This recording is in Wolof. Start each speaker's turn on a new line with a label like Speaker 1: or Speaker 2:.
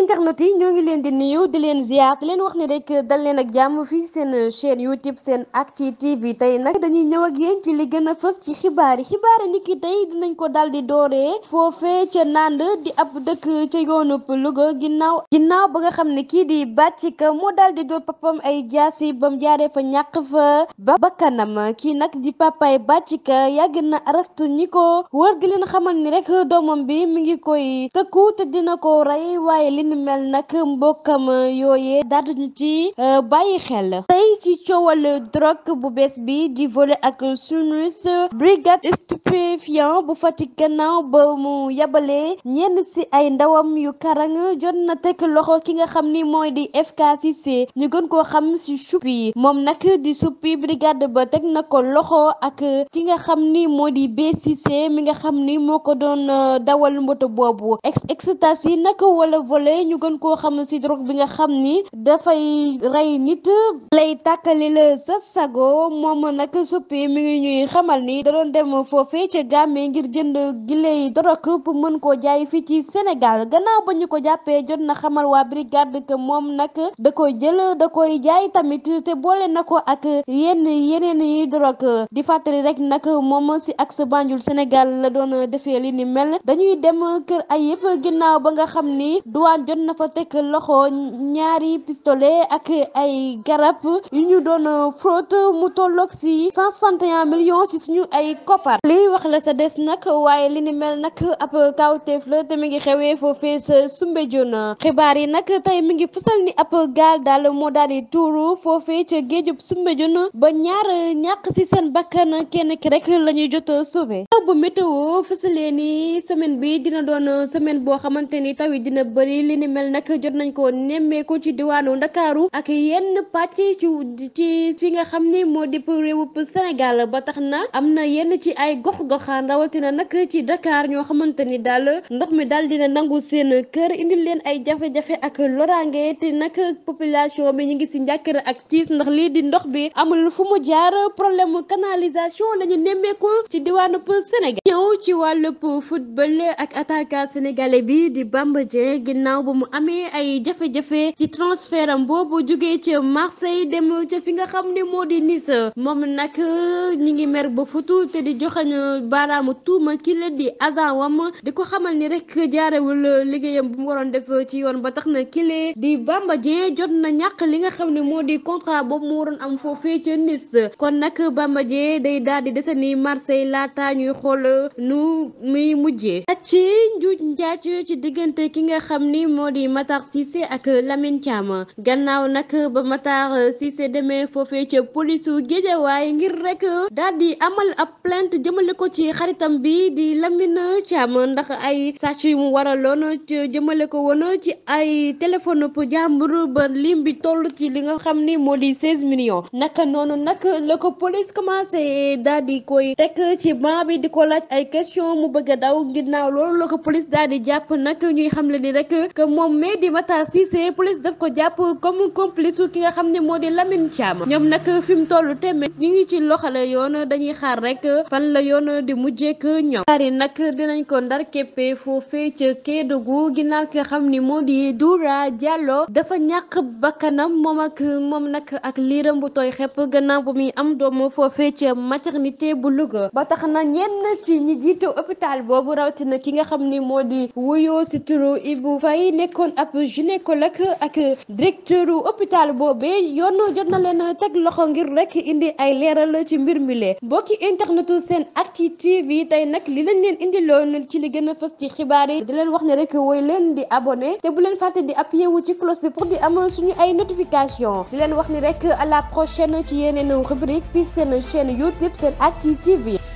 Speaker 1: internet yi ñoo ngi leen di nuyu di leen ziar di leen wax ni rek dal leen ak jàmm fii seen chaîne YouTube seen acti TV tey nag dañuy ñëw ak yéen ci li gën a fës ci xibaar yi xibaar yi niki tey dinañ ko dal di dooree foofee ca Nande di ab dëkk ca yoonub Louga ginnaaw ginnaaw ba nga xam ne kii di Bathika moo dal di door papam ay jaasi bam jaaree fa ñàkk fa ba bakkanam kii nag di papaay Bathika yàgg na arastu ñi ko wër di leen xamal ni rek doomam bi mu ngi koy tëkku li ni mel nag mbokkam yooyee daal di ci euh, bàyyi xel ci coowal drogue bu bees bi di vole ak sunus brigade stupéfiant bu Fatick gannaaw ba mu yabalee ñenn si ay ndawam yu karang jot na teg loxo ki nga xam ni mooy di FK Cissé ñu gën koo xam si suppi moom nag di suppi brigade ba teg na ko loxo ak ki nga xam ni moo di B Cissé mi nga xam ni moo ko doon euh, dawal moto boobu ex ecstasy yi nag wala volet ñu gën koo xam si drogue bi nga xam ni dafay rey nit tàkkali la sa sago moom nag suppi mu ngi ñuy xamal ni da doon dem foofee ca Gàmbi ngir jënd giley dorog pour mën koo jaay fii ci Sénégal gannaaw ba ñu ko jàppee jot na xamal waa brigade que moom nag da koy jël da koy jaay tamit te boole na ko ak yenn yeneen yi dorog di fàttali rek nag moom si axe Banjul Sénégal la doon defee li ni mel dañuy dem kër ay Ayib ginnaaw ba nga xam ni duwaan jot na fa tekk loxo ñaari pistolet ak ay garab. yu ñu doon euh, fraude mu tolloog si cent soixante et un millions ci suñu ay koppar liy wax la sa des nag waaye li ni mel nag ab kawteef la te mi ngi xewee foofee sa Soumbédioune xibaar yi nag tey mi ngi fësal ni ab gaal daal moo daal di tuuru foofee ca géejub Soumbédioune ba ñaar ñàkk si seen bakkan kenn ki rek la ñuy jot a sauvé bu météo fësalee ni semaine bi dina doon semaine boo xamante ni taw dina bëri li ni mel nag jot nañ ko nemmeeku ci diwaanu Ndakaaru ak yenn pàcc ci ci fi nga xam ni moo di réewub Sénégal ba tax na am na yenn ci ay gox-goxaan rawatina nag ci Dakar ñoo xamante ni daal ndox mi daal dina nangu seen kër indil leen ay jafe-jafe ak loraange te nag population bi ñu ngi si njàkkare ak ciis ndax lii di ndox bi amul fu mu jaar problème mu canalisation la ñu nemmeeku ci diwaanu Sénégal. ñëw ci wàll wàllub football ak attaquant sénégalais bi di Bamba Dieng ginnaaw ba mu amee ay jafe-jafe ci transfert boobu jógee ci ca fi nga xam ni moo di Nice moom nag ñi ngi mer ba futu te di joxañ baaraamu tuuma ki leen di agent wam di ko xamal ni rek jaarewul liggéeyam bu mu waroon def ci yoon ba tax na kile di Bamba Dieng jot na ñàkk li nga xam ne moo di contrat boobu mu waroon am foofee ca Nice kon nag Bamba Dieng day daal di dese ni Marseille laata ñuy xool nu muy mujjee ak ci njuuj njaac ci diggante ki nga xam ni moo di Matar Cissé ak Lamine Thiam gannaaw nag ba Matar Cissé daje demee foofee ca polisu Géejawaay ngir rek daal di amal ab plainte jëmale ko ci xaritam bi di Lamine Thiam ndax ay sàcc yu mu waraloon ci jëmale ko woon ci ay téléphone bu jàmbur ba lim bi toll ci li nga xam ni moo di seize millions naka noonu nag la ko police commencé daal di koy teg ci banc bi di ko laaj ay question mu bëgg a daw ginnaaw loolu la ko police daal di jàpp nag ñuy xam ni rek que moom mais di Matar Cissé police ko jàpp comme complice ki nga xam Lamine Thiam ñoom nag fi mu te téeméer ñi ngi ci loxo la yoon dañuy xaar rek fan la yoon di mujjee ñoom. xaar yi nag dinañ ko ndar képpee foofee ca Kédougou ginnaaw ki xam ni moo di Doura Diallo dafa ñàkk bakkanam moom ak moom nag ak liiram bu tooy xepp gannaaw bu muy am doom foofee ca maternité bu Louga ba tax na ñenn ci ñi jiite hôpital boobu rawatina ki nga xam ni moo di wuyoo si turu Ibou Faye nekkoon ab gynécologue ak directeur hôpital boobee yoon jot na leen teg loxo ngir rek indi ay leeral ci mbir mi lee mbokki internetu seen acti tv tey nag li lañ leen indi loon ci li gën a fës ci xibaar yi di leen wax ne rek woy leen di abonné te bu leen fàtte di appuyé wu ci cloche pour di am suñu ay notification di leen wax ni rek à la prochaine ci yeneen rubrique fii seen chaîne youtube seen acti tv